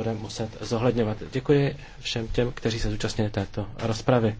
bude muset zohledňovat. Děkuji všem těm, kteří se zúčastnili této rozpravy.